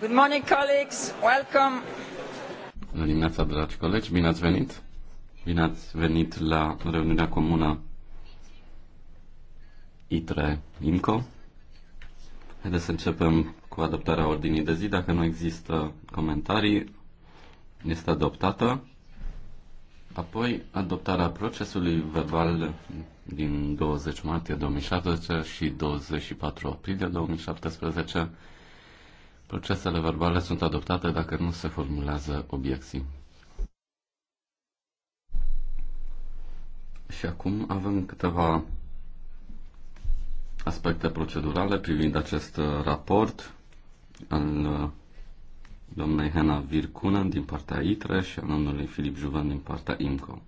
Good morning, colleagues. Welcome. Bună dimineața, dragi colegi. Bine ați venit. Bine ați venit la reuniunea comună ITRE-IMCO. Haideți să începem cu adoptarea ordinii de zi. Dacă nu există comentarii, este adoptată. Apoi, adoptarea procesului verbal din 20 martie 2017 și 24 aprilie 2017 Procesele verbale sunt adoptate dacă nu se formulează obiecții. Și acum avem câteva aspecte procedurale privind acest uh, raport al uh, doamnei Hena Virkunen din partea ITRE și al domnului Filip Juven din partea IMCO.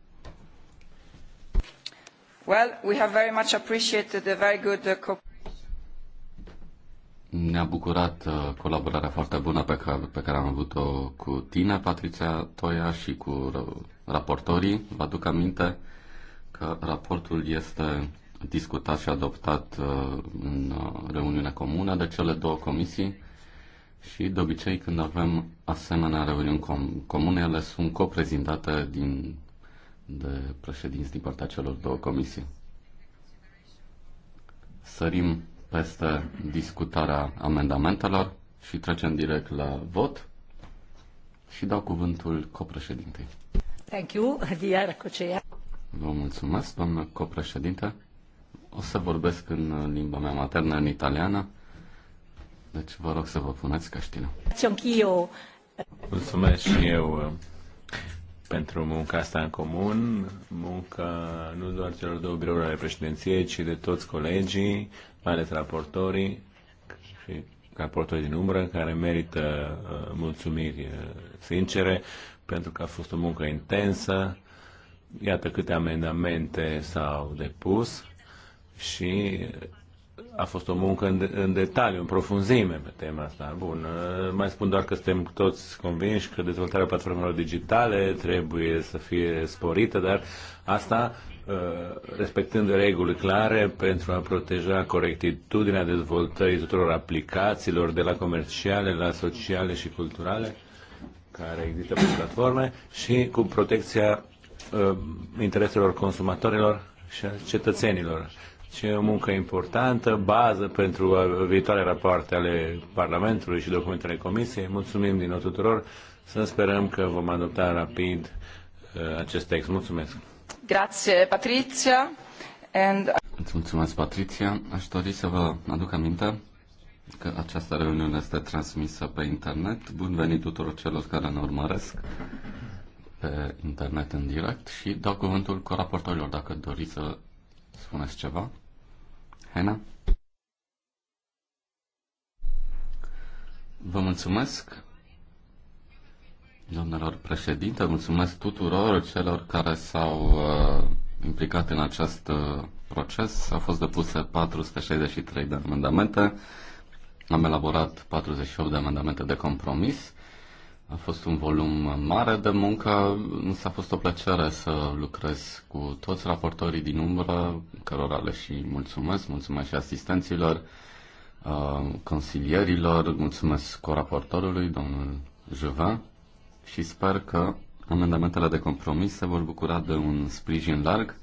Well, we have very much appreciated the very good uh, ne-a bucurat uh, colaborarea foarte bună pe care, pe care am avut-o cu tine, Patricia Toia, și cu raportorii. Vă aduc aminte că raportul este discutat și adoptat uh, în uh, reuniunea comună de cele două comisii și de obicei când avem asemenea reuniuni com- comune, ele sunt coprezintate din, de președinți din partea celor două comisii. Sărim peste discutarea amendamentelor și trecem direct la vot și dau cuvântul copreședintei. Thank you, Diara Cocea. Vă mulțumesc, doamnă copreședinte. O să vorbesc în limba mea maternă, în italiană, deci vă rog să vă puneți căștile. Mulțumesc și eu pentru munca asta în comun, munca nu doar celor două birouri ale președinției, ci de toți colegii, mai ales raportorii și raportorii din umbră, care merită uh, mulțumiri uh, sincere, pentru că a fost o muncă intensă, iată câte amendamente s-au depus și a fost o muncă în, de, în detaliu, în profunzime pe tema asta. Bun, uh, mai spun doar că suntem toți convinși că dezvoltarea platformelor digitale trebuie să fie sporită, dar asta uh, respectând reguli clare pentru a proteja corectitudinea dezvoltării tuturor aplicațiilor, de la comerciale la sociale și culturale care există pe platforme și cu protecția uh, intereselor consumatorilor și a cetățenilor și e o muncă importantă, bază pentru viitoare rapoarte ale Parlamentului și documentele Comisiei. Mulțumim din nou tuturor. Să sperăm că vom adopta rapid uh, acest text. Mulțumesc. Grație, Patricia. And... Îți mulțumesc, Patricia. Aș dori să vă aduc aminte că această reuniune este transmisă pe internet. Bun venit tuturor celor care ne urmăresc pe internet în direct și dau cuvântul cu raportorilor dacă doriți să spuneți ceva? Hena? Vă mulțumesc, domnilor președinte, mulțumesc tuturor celor care s-au uh, implicat în acest uh, proces. Au fost depuse 463 de amendamente, am elaborat 48 de amendamente de compromis a fost un volum mare de muncă, însă a fost o plăcere să lucrez cu toți raportorii din umbră, cărora le și mulțumesc, mulțumesc și asistenților, uh, consilierilor, mulțumesc coraportorului, domnul Juva, și sper că amendamentele de compromis se vor bucura de un sprijin larg.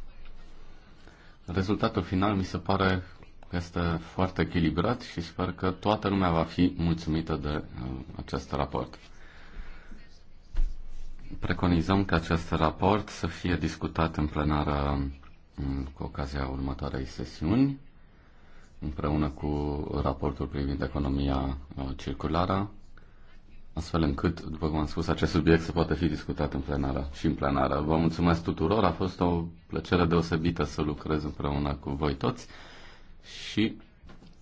Rezultatul final mi se pare că este foarte echilibrat și sper că toată lumea va fi mulțumită de uh, acest raport preconizăm că acest raport să fie discutat în plenară cu ocazia următoarei sesiuni, împreună cu raportul privind economia uh, circulară, astfel încât, după cum am spus, acest subiect să poată fi discutat în plenară și în plenară. Vă mulțumesc tuturor, a fost o plăcere deosebită să lucrez împreună cu voi toți și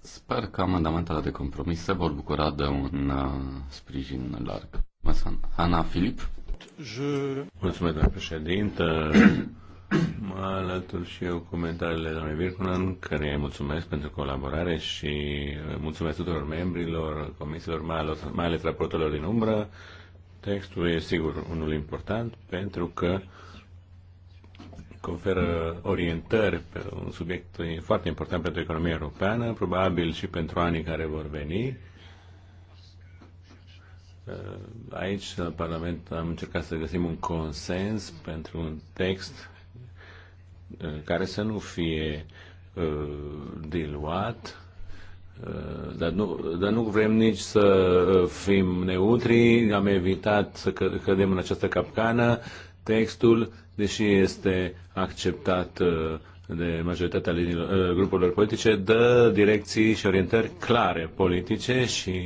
sper că amendamentele de compromis se vor bucura de un uh, sprijin larg. Mulțumesc, Ana Filip. Je... Mulțumesc, doamnă președintă. Mă alătur și eu comentariile doamnei Virkunen, care îi mulțumesc pentru colaborare și mulțumesc tuturor membrilor, comisiilor, mai ales, mai ales raportorilor din umbră. Textul e sigur unul important pentru că conferă orientări pe un subiect foarte important pentru economia europeană, probabil și pentru anii care vor veni Uh, aici, la Parlament, am încercat să găsim un consens pentru un text uh, care să nu fie uh, diluat, dar nu, dar nu vrem nici să fim neutri, am evitat să cădem în această capcană. Textul, deși este acceptat de majoritatea liniilor, uh, grupurilor politice dă direcții și orientări clare politice și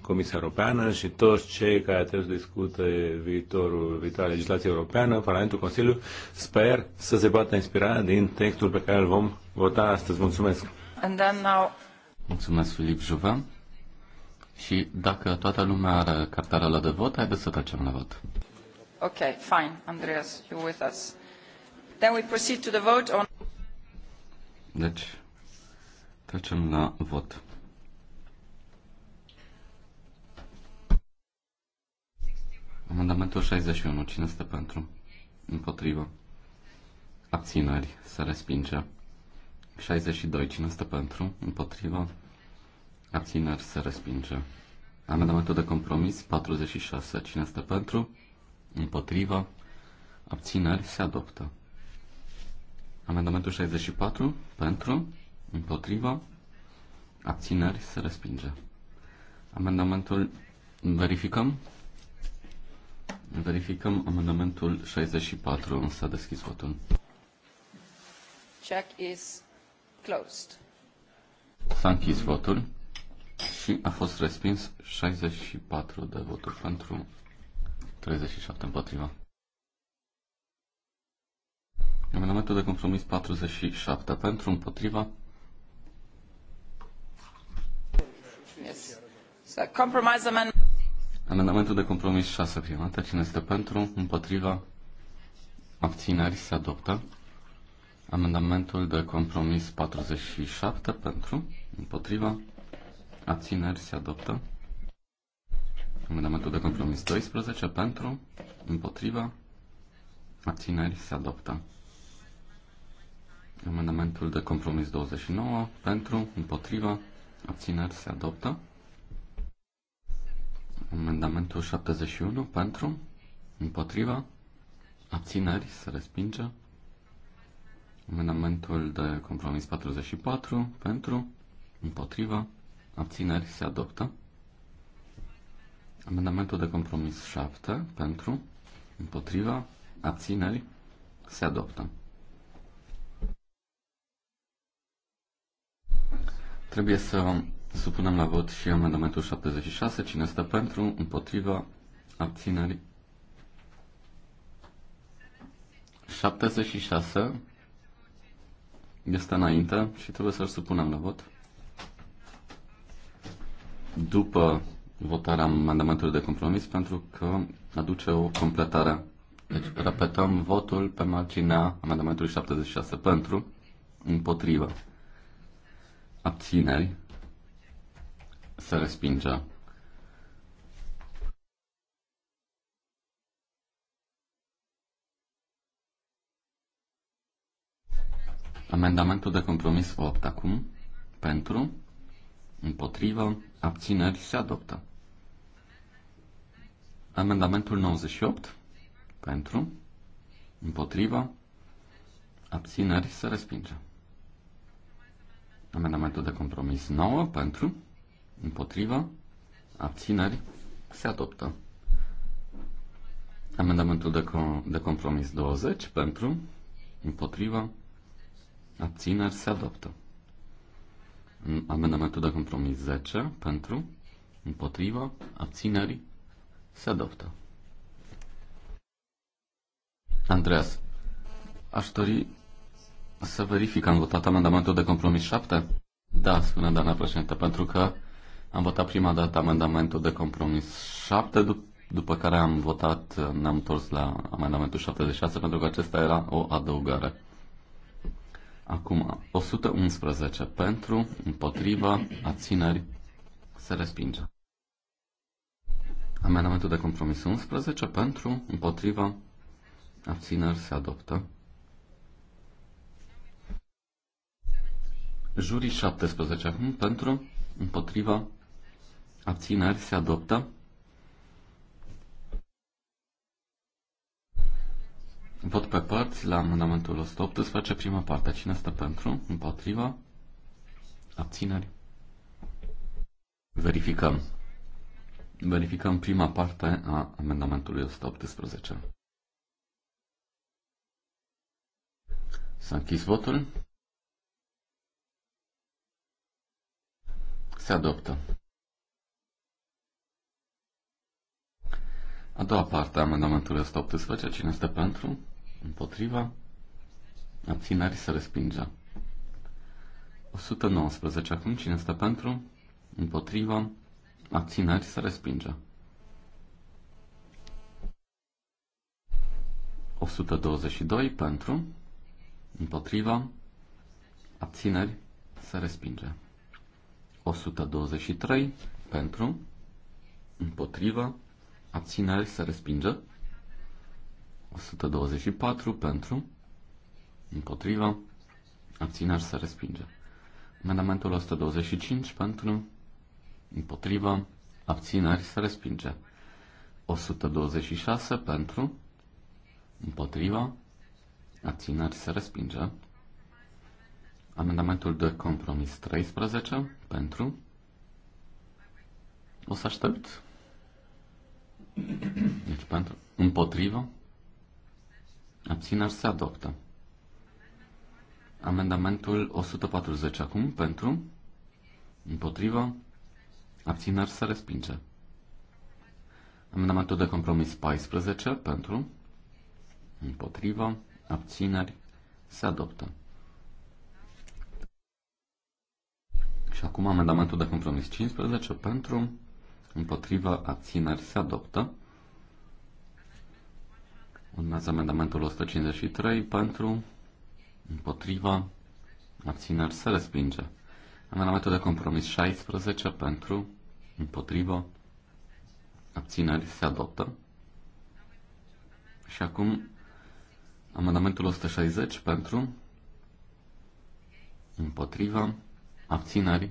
Comisia Europeană și toți cei care trebuie să discute viitorul, viitoarea legislație europeană, Parlamentul, Consiliu, sper să se poată inspira din textul pe care îl vom vota astăzi. Mulțumesc! And then now... Mulțumesc, Filip Juvan. Și dacă toată lumea are cartela de vot, haideți să trecem la vot. Ok, fine, Andreas, you with us. Deci, trecem la vot. Amendamentul 61. Cine este pentru? Împotrivă. Abținări. Se respinge. 62. Cine este pentru? Împotrivă. Abțineri. Se respinge. Amendamentul de compromis 46. Cine este pentru? Împotrivă. Abțineri. Se adoptă. Amendamentul 64 pentru, împotriva, abțineri se respinge. Amendamentul verificăm. Verificăm amendamentul 64, însă deschis votul. Check is closed. S-a închis votul și a fost respins 64 de voturi pentru 37 împotriva. Amendamentul de compromis 47 pentru împotriva. Yes. So, compromise amendment. Amendamentul de compromis 6 primată. Cine este pentru? Împotriva? Abțineri se adoptă. Amendamentul de compromis 47 pentru? Împotriva? Abțineri se adoptă. Amendamentul de compromis 12 pentru? Împotriva? Abțineri se adoptă. Amendamentul de compromis 29 pentru, împotriva, abțineri se adoptă. Amendamentul 71 pentru, împotriva, abțineri se respinge. Amendamentul de compromis 44 pentru, împotriva, abțineri se adoptă. Amendamentul de compromis 7 pentru, împotriva, abțineri se adoptă. Trebuie să supunem la vot și amendamentul 76. Cine stă pentru, împotriva, abțineri. 76 este înainte și trebuie să-l supunem la vot. După votarea amendamentului de compromis, pentru că aduce o completare. Deci repetăm votul pe marginea amendamentului 76 pentru, împotriva abțineri, se respinge. Amendamentul de compromis 8 acum, pentru, împotrivă, abțineri, se adoptă. Amendamentul 98, pentru, împotrivă, abțineri, se respinge. Amendamentul de compromis 9 pentru, împotriva, abțineri, se adoptă. Amendamentul de, com- de compromis 20 pentru, împotriva, abțineri, se adoptă. Amendamentul de compromis 10 pentru, împotriva, abțineri, se adoptă. Andreas, aș dori să verific, am votat amendamentul de compromis 7? Da, spune doamna președinte, pentru că am votat prima dată amendamentul de compromis 7, dup- după care am votat, ne-am întors la amendamentul 76, pentru că acesta era o adăugare. Acum, 111 pentru, împotriva, abțineri, se respinge. Amendamentul de compromis 11 pentru, împotriva, abțineri, se adoptă. Jurii 17 pentru, împotriva, abțineri se adoptă. Vot pe părți la amendamentul 118, prima parte. Cine stă pentru? Împotriva? Abțineri? Verificăm. Verificăm prima parte a amendamentului 118. S-a închis votul. Se adoptă. A doua parte a amendamentului 118. Cine este pentru? Împotriva? Abțineri se respinge. 119. Acum cine este pentru? Împotriva? Abțineri se respinge. 122 pentru, împotriva, abțineri, se respinge. 123 pentru, împotrivă, abținere se respinge. 124 pentru, împotrivă, abținere se respinge. Amendamentul 125 pentru, împotrivă, abținere se respinge. 126 pentru, împotriva, abținere se respinge. Amendamentul de compromis 13 pentru. O să aștept. Deci pentru. Împotrivă. Abțineri se adoptă. Amendamentul 140 acum pentru. Împotrivă. Abțineri se respinge. Amendamentul de compromis 14 pentru. Împotrivă. Abțineri se adoptă. Și acum amendamentul de compromis 15 pentru, împotriva, abțineri se adoptă. Urmează amendamentul 153 pentru, împotriva, abțineri se respinge. Amendamentul de compromis 16 pentru, împotriva, abțineri se adoptă. Și acum amendamentul 160 pentru, împotriva, abțineri,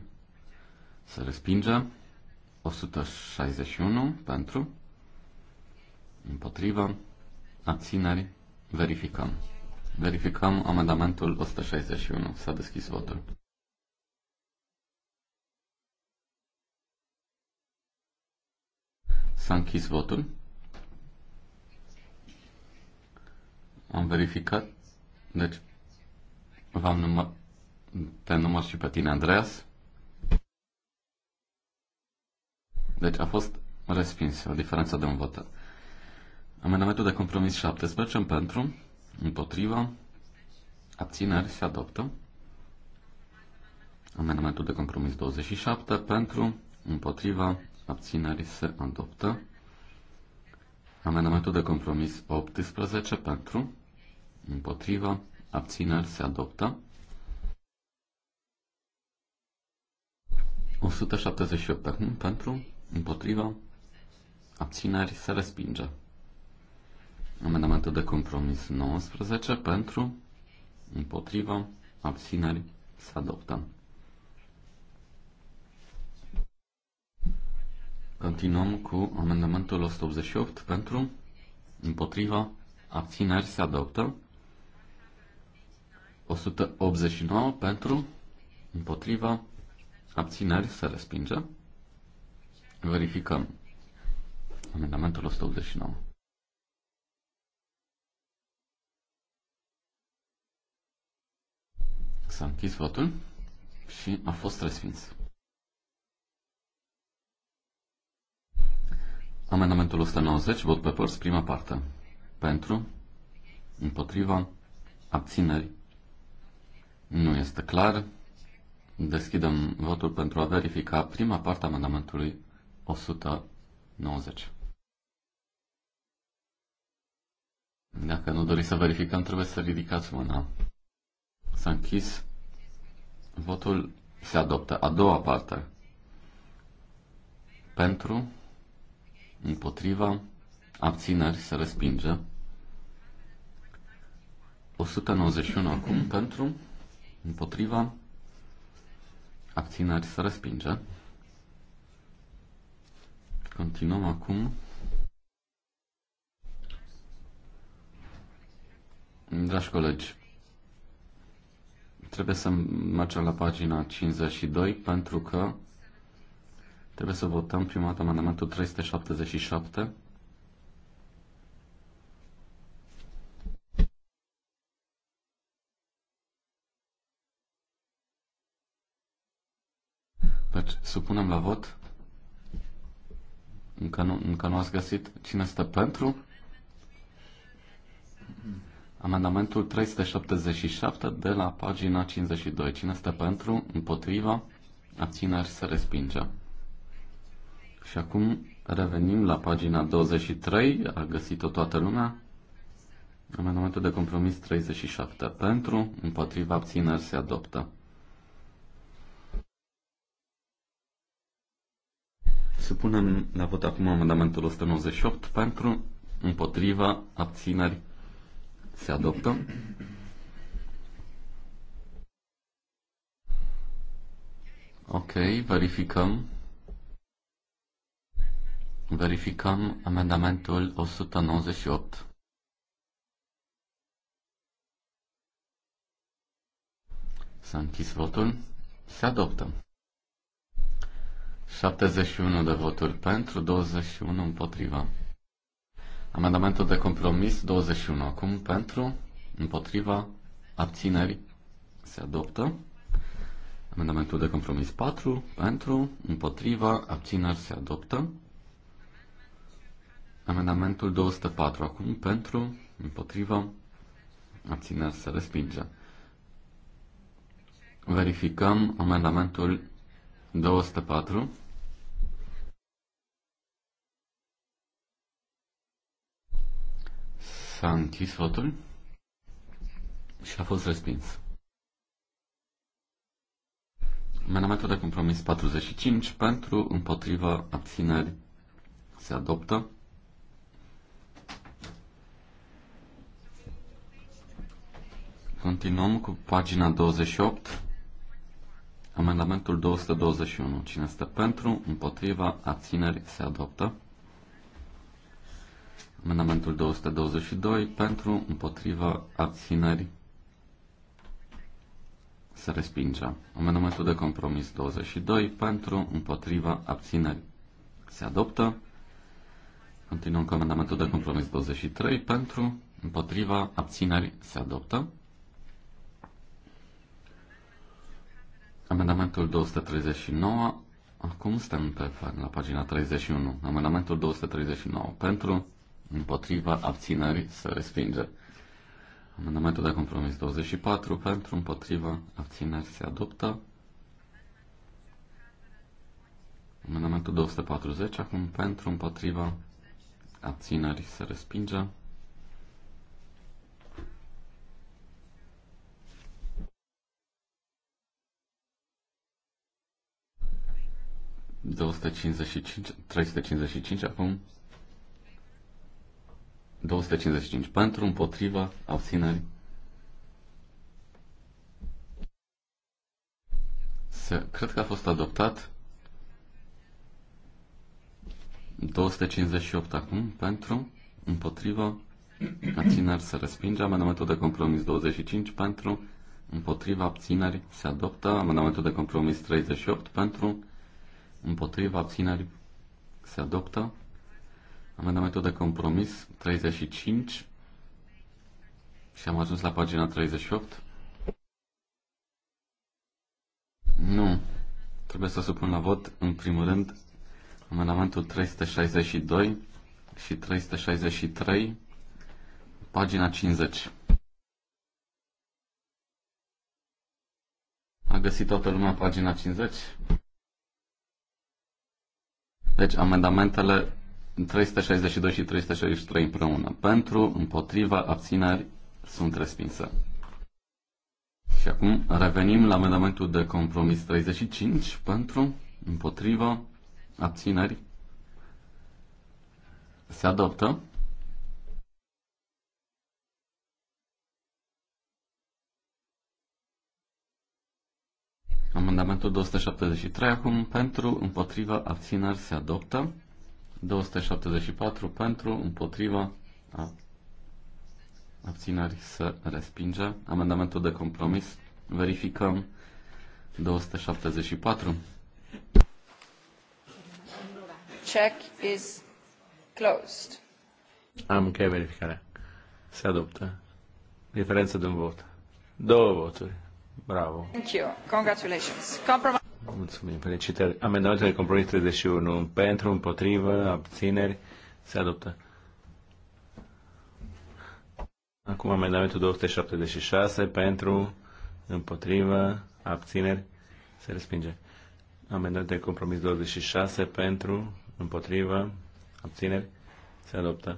se respinge. 161 pentru, împotrivă, abțineri, verificăm. Verificăm amendamentul 161. S-a deschis votul. S-a închis votul. Am verificat. Deci, v-am, numărat te număr și pe tine, Andreas. Deci a fost respins o diferență de un vot. Amendamentul de compromis 17 pentru, împotriva, abțineri se adoptă. Amendamentul de compromis 27 pentru, împotriva, abțineri se adoptă. Amendamentul de compromis 18 pentru, împotriva, abțineri se adoptă. 178 acum pentru, împotriva, abțineri se respinge. Amendamentul de compromis 19 pentru, împotriva, abțineri se adoptă. Continuăm cu amendamentul 188 pentru, împotriva, abțineri se adoptă. 189 pentru, împotriva, Abțineri se respinge. Verificăm. Amendamentul 189. S-a închis votul și a fost respins. Amendamentul 190, vot pe părți, prima parte. Pentru, împotriva, abțineri. Nu este clar. Deschidem votul pentru a verifica prima parte a amendamentului 190. Dacă nu doriți să verificăm, trebuie să ridicați mâna. S-a închis. Votul se adoptă. A doua parte. Pentru, împotriva, abțineri, se respinge. 191 acum pentru, împotriva, abțineri să respinge. Continuăm acum. Dragi colegi, trebuie să mergem la pagina 52 pentru că trebuie să votăm prima dată amendamentul 377 Supunem la vot. Încă nu, încă nu ați găsit cine stă pentru. Amendamentul 377 de la pagina 52. Cine stă pentru, împotriva, abțineri se respinge. Și acum revenim la pagina 23, a găsit-o toată lumea. Amendamentul de compromis 37. Pentru, împotriva, abțineri se adoptă. Supunem la vot acum amendamentul 198 pentru, împotriva, abțineri, se adoptă. Ok, verificăm. Verificăm amendamentul 198. S-a închis votul. Se adoptă. 71 de voturi pentru, 21 împotriva. Amendamentul de compromis 21 acum pentru, împotriva, abțineri se adoptă. Amendamentul de compromis 4 pentru, împotriva, abțineri se adoptă. Amendamentul 204 acum pentru, împotriva, abțineri se respinge. Verificăm amendamentul 204. S-a închis votul și a fost respins. Amendamentul de compromis 45 pentru, împotriva, abțineri se adoptă. Continuăm cu pagina 28. Amendamentul 221. Cine este pentru, împotriva, abțineri, se adoptă. Amendamentul 222. Pentru, împotriva, abțineri, se respinge. Amendamentul de compromis 22. Pentru, împotriva, abțineri, se adoptă. Continuăm cu amendamentul de compromis 23. Pentru, împotriva, abțineri, se adoptă. Amendamentul 239. Acum suntem pe, la pagina 31. Amendamentul 239. Pentru, împotriva, abțineri, se respinge. Amendamentul de compromis 24. Pentru, împotriva, abțineri, se adoptă. Amendamentul 240. Acum, pentru, împotriva, abțineri, se respinge. 255, 355 acum. 255 pentru, împotriva, abțineri. Se, cred că a fost adoptat. 258 acum, pentru, împotriva, abțineri se respinge. Amendamentul de compromis 25 pentru, împotriva, abțineri se adoptă. Amendamentul de compromis 38 pentru, împotriva, abțineri, se adoptă. Amendamentul de compromis 35 și am ajuns la pagina 38. Nu. Trebuie să supun la vot, în primul rând, amendamentul 362 și 363, pagina 50. A găsit toată lumea pagina 50? Deci amendamentele 362 și 363 împreună. Pentru, împotriva, abțineri sunt respinse. Și acum revenim la amendamentul de compromis 35 pentru, împotriva, abțineri. Se adoptă. Amendamentul 273 acum pentru, împotriva, abțineri se adoptă. 274 pentru, împotriva, a, abțineri se respinge. Amendamentul de compromis verificăm 274. Check is closed. Am încheiat verificarea. Se adoptă. Diferență de un vot. Două voturi. Bravo. Thank you. Congratulations. Compromis. Mulțumim. Felicitări. Amendamentul de compromis 31. Pentru, împotrivă, abțineri. Se adoptă. Acum amendamentul 276. Pentru, împotrivă, abțineri. Se respinge. Amendamentul de compromis 26. Pentru, împotrivă, abțineri. Se adoptă.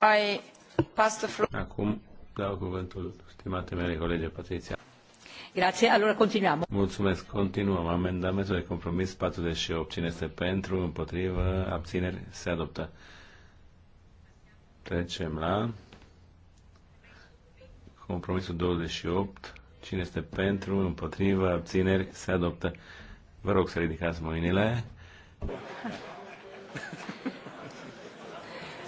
I pass Acum dau cuvântul stimate mele colege Patriția. Grazie, allora continuiamo. Mulțumesc, continuăm. Amendamentul de compromis 48. Cine este pentru, împotrivă, abțineri, se adoptă. Trecem la compromisul 28. Cine este pentru, împotrivă, abțineri, se adoptă. Vă rog să ridicați mâinile.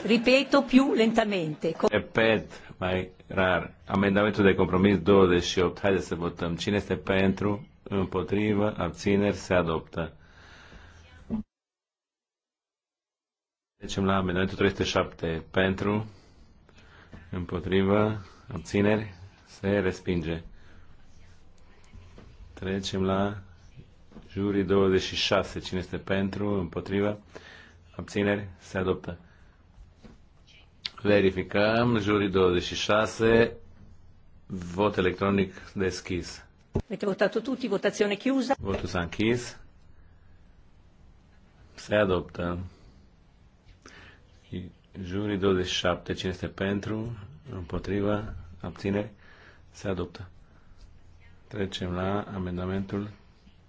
Ripeto più lentamente. Repet mai rar. Amendamentul de compromis 28. Haideți să votăm. Cine este pentru? Împotrivă? Abțineri? Se adoptă. Trecem la amendamentul 307. Pentru? Împotrivă? Abțineri? Se respinge. Trecem la jurii 26. Cine este pentru? Împotrivă? Abțineri? Se adoptă. Verificăm, jurii 26, vot electronic deschis. Avete votato tutti, votazione chiusa. Votul s-a închis. Se adoptă. Jurii 27, cine este pentru, împotriva, abține, se adoptă. Trecem la amendamentul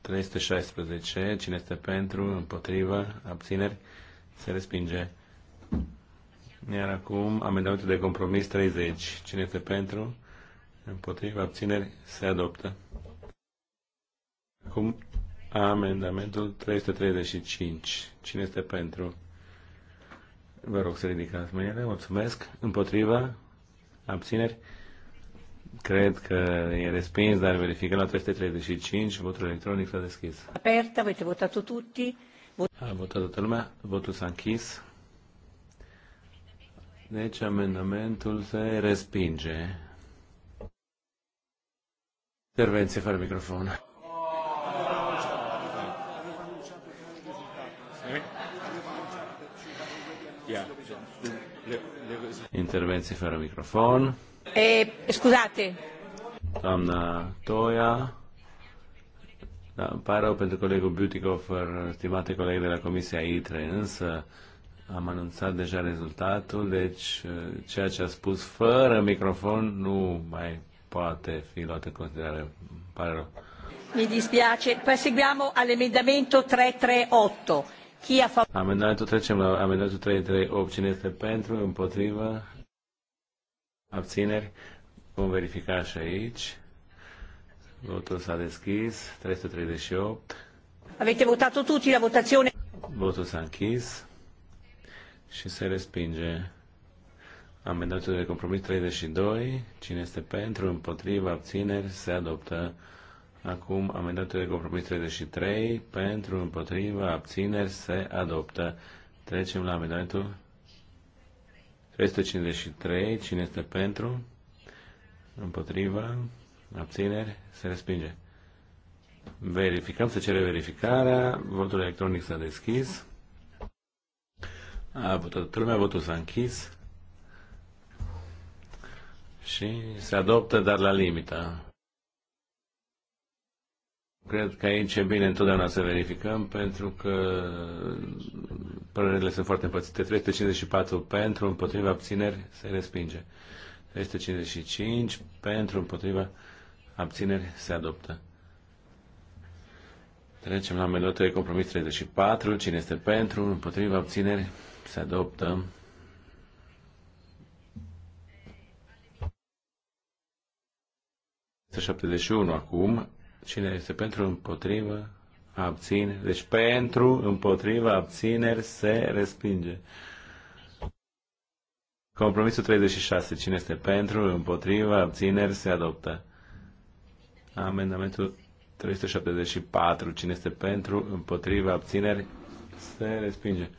316. Cine este pentru, împotriva, abțineri, se respinge. Iar acum amendamentul de compromis 30. Cine este pentru? Împotriva abțineri se adoptă. Acum amendamentul 335. Cine este pentru? Vă rog să ridicați mâinile. Mulțumesc. Împotriva abțineri. Cred că e respins, dar verificăm la 335. Votul electronic s-a deschis. Aperta, avete votat tutti. A votat toată lumea. Votul s-a închis. Deci amendamentul se respinge. Intervenție fără microfon. Intervenție fără microfon. E, scuzate. Doamna Toia. Da, îmi pare rău pentru colegul Beautycofer, stimate colegi de la Comisia ITRE, însă am anunțat deja rezultatul, deci uh, ceea ce a spus fără microfon nu mai poate fi luat în considerare. pare rău. Mi dispiace. Proseguiamo all'emendamento 338. Chi a fa... Amendamentul trecem la amendamentul 338. Cine este pentru, împotrivă, abțineri? Vom verifica și aici. Votul s-a deschis. 338. Avete votat tutti la votazione? Votul s-a închis și se respinge. Amendatul de compromis 32, cine este pentru, împotriva, abțineri, se adoptă. Acum, amendatul de compromis 33, pentru, împotriva, abțineri, se adoptă. Trecem la amendamentul 353, cine este pentru, împotriva, abțineri, se respinge. Verificăm, se cere verificarea, votul electronic s-a deschis. A toată lumea, votul s-a închis. Și se adoptă, dar la limită. Cred că aici e bine întotdeauna să verificăm, pentru că părerile sunt foarte împărțite. 354 pentru, împotriva abțineri, se respinge. 355 pentru, împotriva abțineri, se adoptă. Trecem la amendamentul de compromis 34. Cine este pentru, împotriva abțineri, se adoptă. Este 71 acum. Cine este pentru, împotrivă, abține. Deci pentru, împotrivă, abțineri, se respinge. Compromisul 36. Cine este pentru, împotrivă, abțineri, se adoptă. Amendamentul 374. Cine este pentru, împotrivă, abțineri, se respinge.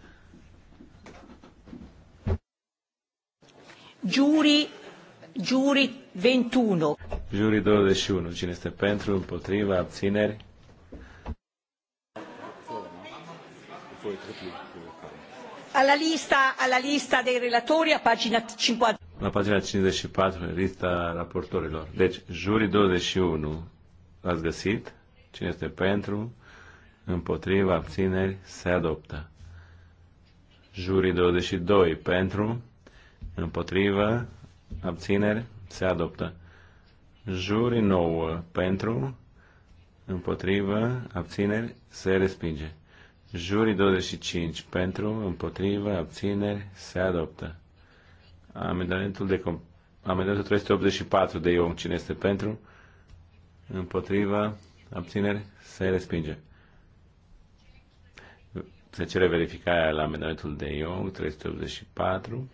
Giuri, giuri 21. Giuri 21. Cine este pentru, împotriva, abțineri? Alla lista, alla lista dei relatori a pagina 54. La pagina 54, lista raportorilor. Deci, juri 21, l-ați găsit? Cine este pentru, împotriva, abțineri, se adoptă. Juri 22, pentru, împotrivă, abțineri, se adoptă. Juri nouă pentru, împotrivă, abțineri, se respinge. Juri 25 pentru, împotrivă, abțineri, se adoptă. Amendamentul, de, amendamentul 384 de Ion, cine este pentru, împotrivă, abțineri, se respinge. Se cere verificarea la amendamentul de Ion 384.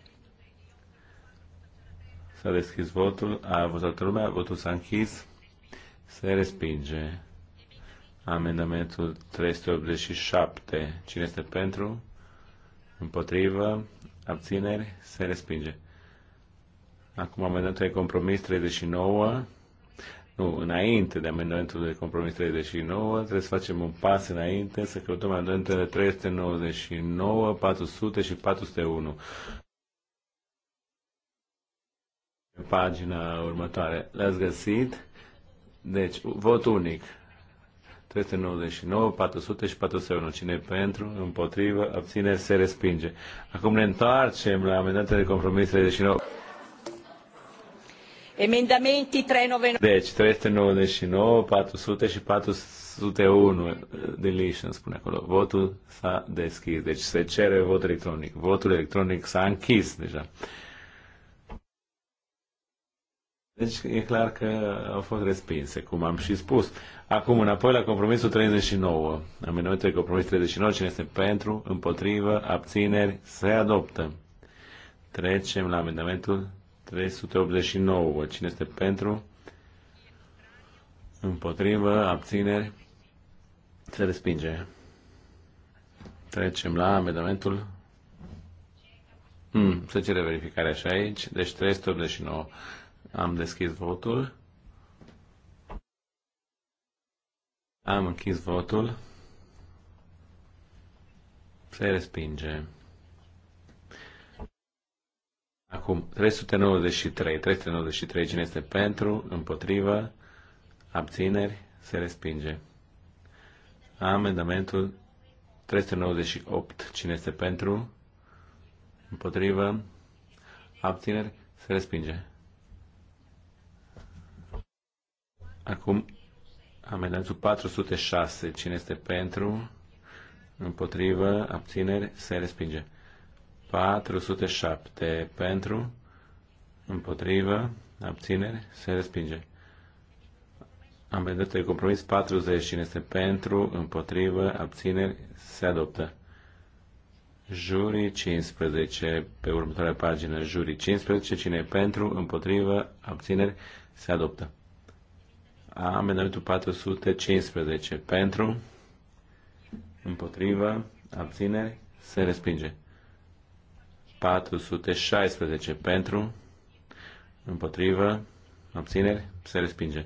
S-a deschis votul, a votat lumea, votul s-a închis, se respinge. Amendamentul 387. Cine este pentru? Împotrivă? Abțineri? Se respinge. Acum amendamentul de compromis 39. Nu, înainte de amendamentul de compromis 39, trebuie să facem un pas înainte, să căutăm amendamentele 399, 400 și 401. Pagina următoare. L-ați găsit? Deci, vot unic. 399, 400 și 401. Cine pentru, împotrivă, abține, se respinge. Acum ne întoarcem la amendamentele de compromis 39. Emendamenti 399. Deci, 399, 400 și 401 deletion, spune acolo. Votul s-a deschis. Deci se cere vot electronic. Votul electronic s-a închis deja. Deci e clar că au fost respinse, cum am și spus. Acum, înapoi la compromisul 39. Amendamentul că compromisul 39, cine este pentru, împotrivă, abțineri, se adoptă. Trecem la amendamentul 389. Cine este pentru, împotrivă, abțineri, se respinge. Trecem la amendamentul Hmm, se cere verificarea și aici, deci 389. Am deschis votul. Am închis votul. Se respinge. Acum, 393. 393 cine este pentru, împotrivă, abțineri, se respinge. Amendamentul 398. Cine este pentru, împotrivă, abțineri, se respinge. Acum, amendamentul 406. Cine este pentru? Împotrivă, abțineri, se respinge. 407 pentru, împotrivă, abțineri, se respinge. Am venit de compromis 40. Cine este pentru, împotrivă, abțineri, se adoptă. Jurii 15, pe următoarea pagină, jurii 15, cine e pentru, împotrivă, abțineri, se adoptă. Amendamentul 415 pentru, împotrivă, abțineri, se respinge. 416 pentru, împotrivă, abțineri, se respinge.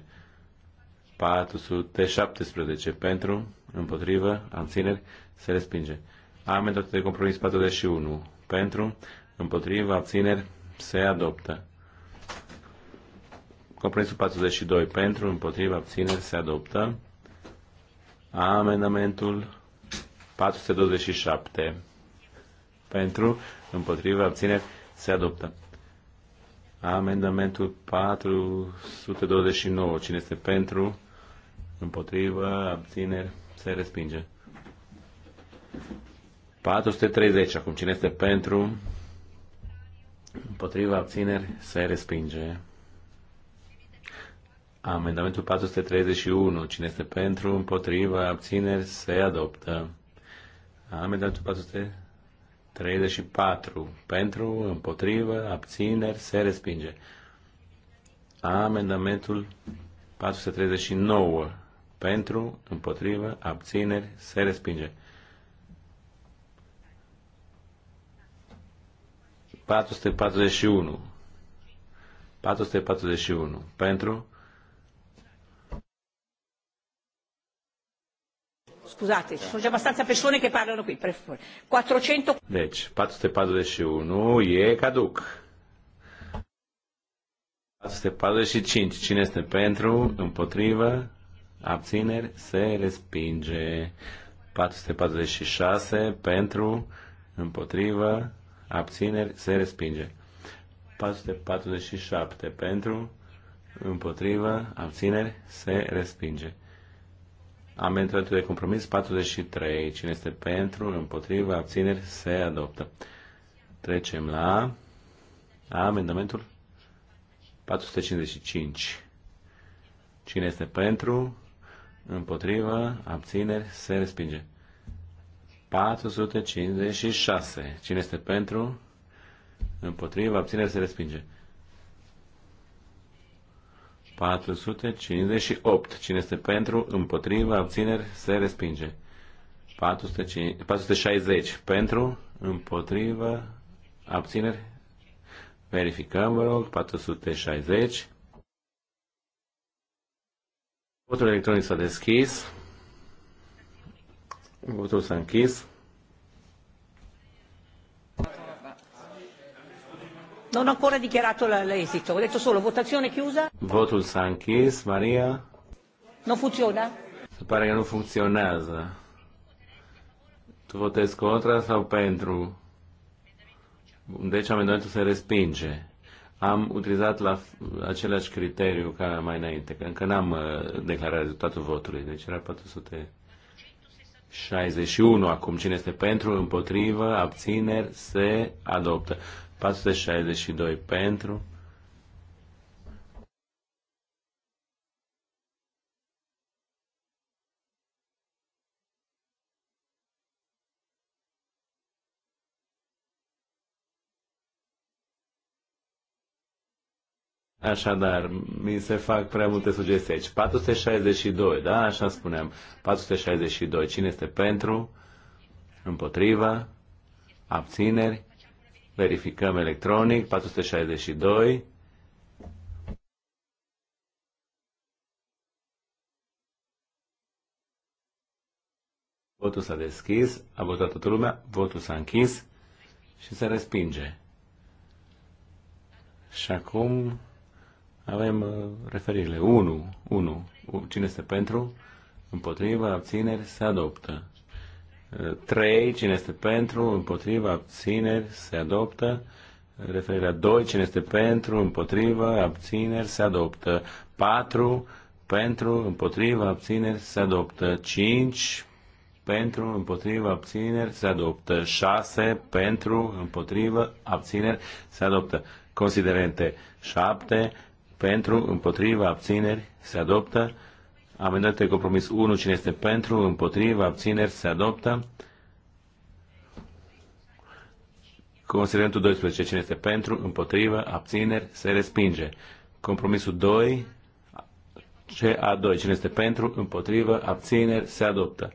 417 pentru, împotrivă, abțineri, se respinge. Amendamentul de compromis 41 pentru, împotrivă, abțineri, se adoptă. Compromisul 42 pentru, împotriva, abțineri se adoptă. Amendamentul 427 pentru, împotriva, abțineri se adoptă. Amendamentul 429. Cine este pentru, împotriva abțineri, se respinge. 430. Acum, cine este pentru, împotriva abțineri, se respinge. Amendamentul 431. Cine este pentru, împotriva, abțineri, se adoptă. Amendamentul 434. Pentru, împotrivă, abțineri, se respinge. Amendamentul 439. Pentru, împotrivă, abțineri, se respinge. 441. 441. Pentru, Scuzate, ci sono già abbastanza persone che parlano qui, per favore. 400... Deci, 441 e caduc. 445. Cine este pentru? Împotrivă? Abțineri? Se respinge. 446. Pentru? Împotrivă? Abțineri? Se respinge. 447. Pentru? Împotrivă? Abțineri? Se respinge. Amendamentul de compromis 43. Cine este pentru, împotriva, abțineri, se adoptă. Trecem la amendamentul 455. Cine este pentru, împotriva, abțineri, se respinge. 456. Cine este pentru, împotriva, abțineri, se respinge. 458. Cine este pentru, împotriva, abțineri, se respinge. 405, 460. Pentru, împotriva, abțineri. Verificăm, vă rog, 460. Votul electronic s-a deschis. Votul s-a închis. Non ho ancora dichiarato l'esito, ho detto solo votazione chiusa. Votul il a Maria. Nu funziona? Si pare că nu funcționează. Tu voti contra sau pentru? Deci amendamento se respinge. Am utilizat la același criteriu ca mai înainte, că încă n-am uh, declarat rezultatul votului, deci era 461 acum. Cine este pentru, împotrivă, abțineri, se adoptă. 462 pentru. Așadar, mi se fac prea multe sugestii aici. 462, da? Așa spuneam. 462. Cine este pentru? Împotriva? Abțineri? Verificăm electronic. 462. Votul s-a deschis, a votat toată lumea, votul s-a închis și se respinge. Și acum avem uh, referirile. 1, 1. Cine este pentru? Împotriva, abțineri, se adoptă. 3, cine este pentru, împotriva, abțineri, se adoptă. Referirea 2, cine este pentru, împotriva, abțineri, se adoptă. 4, pentru, împotriva, abțineri, se adoptă. 5, pentru, împotriva, abțineri, se adoptă. 6, pentru, împotriva, abțineri, se adoptă. Considerente 7, pentru, împotriva, abțineri, se adoptă. Amendat Amendate compromis 1, cine este pentru, împotriva, abțineri, se adoptă. Considerentul 12, cine este pentru, împotriva, abțineri, se respinge. Compromisul 2, CA2, cine este pentru, împotriva, abțineri, se adoptă.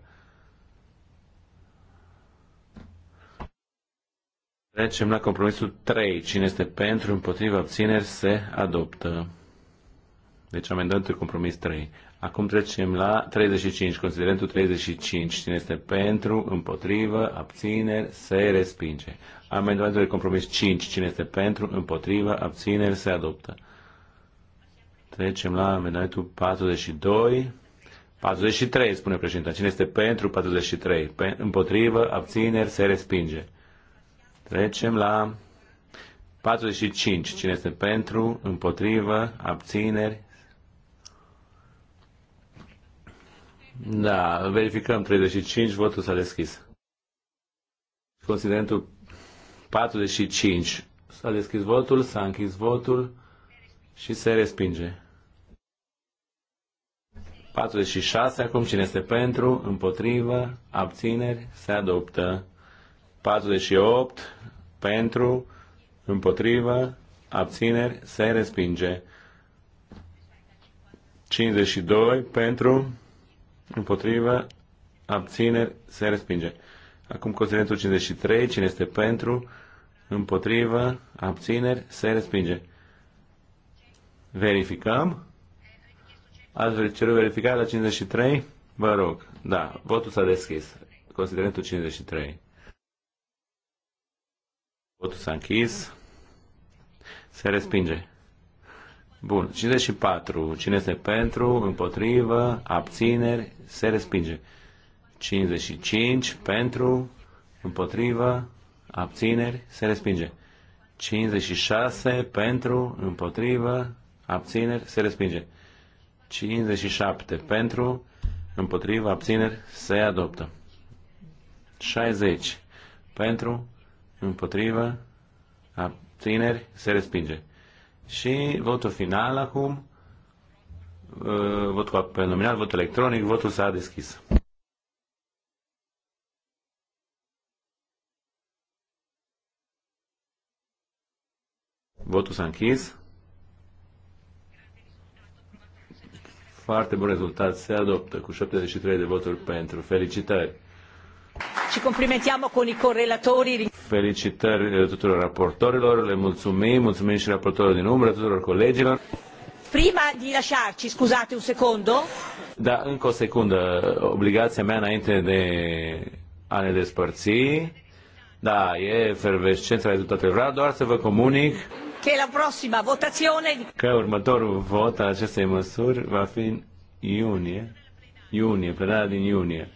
Trecem la compromisul 3. Cine este pentru, împotriva, abțineri, se adoptă. Deci amendat amendamentul compromis 3. Acum trecem la 35, considerentul 35. Cine este pentru, împotrivă, abțineri, se respinge. Amendamentul de compromis 5. Cine este pentru, împotrivă, abțineri, se adoptă. Trecem la amendamentul 42. 43, spune președinta. Cine este pentru 43? Pe, împotrivă, abțineri, se respinge. Trecem la 45. Cine este pentru, împotrivă, abțineri, Da, verificăm 35, votul s-a deschis. Considerentul 45. S-a deschis votul, s-a închis votul și se respinge. 46, acum cine este pentru, împotrivă, abțineri, se adoptă. 48, pentru, împotrivă, abțineri, se respinge. 52, pentru, împotrivă, abțineri, se respinge. Acum considerentul 53, cine este pentru, împotrivă, abțineri, se respinge. Verificăm. Ați cerut verificarea la 53? Vă rog. Da, votul s-a deschis. Considerentul 53. Votul s-a închis. Se respinge. Bun, 54. Cine este pentru, împotrivă, abțineri, se respinge. 55. Pentru, împotrivă, abțineri, se respinge. 56. Pentru, împotrivă, abțineri, se respinge. 57. Pentru, împotrivă, abțineri, se adoptă. 60. Pentru, împotrivă, abțineri, se respinge. Și votul final acum, uh, votul pe nominal, votul electronic, votul s-a deschis. Votul s-a închis. Foarte bun rezultat. Se adoptă cu 73 de voturi pentru. Felicitări! Ci complimentiamo con i correlatori. Felicitări eh, tuturor raportorilor, le mulțumim, mulțumim și raportorilor din umbră, tuturor colegilor. Prima di lasciarci, scuzate un secondo. Da, încă o secundă, obligația mea înainte de a ne despărți. Da, e efervescența rezultatelor. Vreau doar să vă comunic che la prossima votazione că următorul vot al acestei măsuri va fi în iunie, iunie, plenarea din iunie.